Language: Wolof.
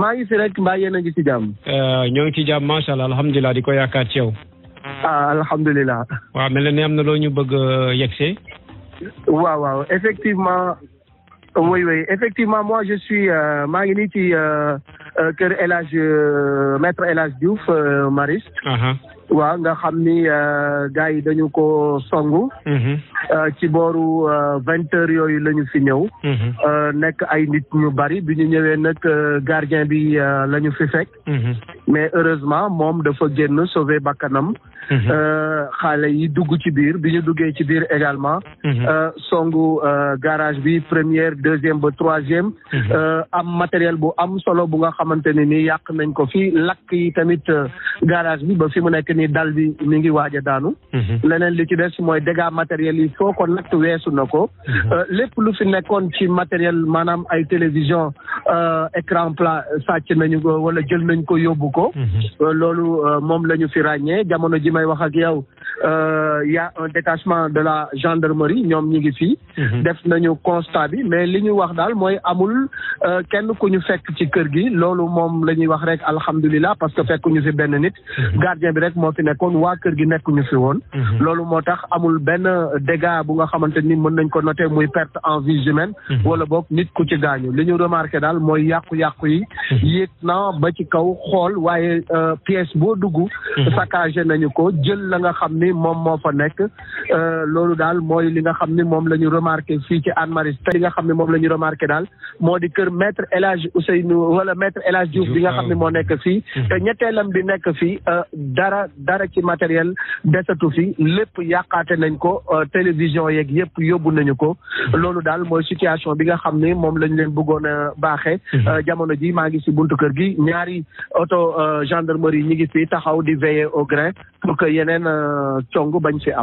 maa ngi fi rek mbaa yéen a ngi ci jàmm. Euh, ñoo ngi ci jàmm macha allah alhamdulilah di ko yaakaar ci yow. ah alhamdulilah. waa mel na ni am na loo ñu bëgg a euh, yegsee. waaw waaw effectivement. oui oui effectivement moi je suis euh, maa ngi nii ci kër El Hadj maître El Diouf Mariste. waaw nga xam ni euh, gars yi dañu ko songu. Mhm. Euh, ci booru euh, vingt heures yooyu la ñu fi ñëw. Mhm. nekk ay nit ñu bari bi ñu ñëwee nag gardien bi la ñu fi fekk. Mhm. mais heureusement moom dafa génn sauver bakkanam. xaale yi dugg ci biir bi ñu duggee ci biir également. songu garage bi première deuxième ba troisième. am matériel bu am solo bu nga xamante ne ni yàq nañ ko fi lakk yi tamit garage bi ba fi mu nekk. ni dal bi mi ngi waaj a daanu. Mhm. leneen li ci des mooy dégâts matériels yi foo ko nag weesu na ko. Mhm. Euh, lépp lu fi nekkoon ci matériel maanaam ay télévision euh, écran plat euh, sàcc nañu ko wala jël nañ ko yóbbu ko. Mhm. loolu moom la ñu fi ràññee jamono ji may wax ak yow. il euh, y a un détachement de la gendarmerie ñoom ñi ngi fii mhm. def nañu constat bi mais li ñu wax daal mooy amul euh, kenn ku ñu fekk ci kër gi loolu moom la ñuy wax rek alhamdulilah parce que fekkuñu fi benn nit mhm. gardien bi rek moo fi nekkoon waa kër gi nekkuñu fi woon mhm. loolu moo tax amul benn dégât bu nga xamante ni mën nañ ko noter muy perte en vie humaine wala book nit ku ci gaañu li ñu remarqué daal mooy yàqu-yàqu yi yéeg na ba ci kaw xool waaye euh, pièce boo dugg ni moom moo fa nekk euh, loolu daal mooy li nga xam ni moom la ñu remarqué fii ci Anne Marie li nga xam ne moom la ñu remarqué daal moo di kër maître El Hadj Ousseynou wala maître El Hadj bi nga xam ne moo nekk fii ah, te ñetteelam bi nekk fii euh, dara dara ci matériel desatu fi lépp yàqaate nañ ko euh, télévision yeeg yëpp yóbbu nañu ko ah. loolu daal mooy situation bi nga xam ni moom lañ leen bëggoon a baaxee ah. jamono ji maa ngi si buntu kër gi ñaari auto gendarmerie ñi ngi fii taxaw di veiller au grain pour que yeneen cong bañ ci am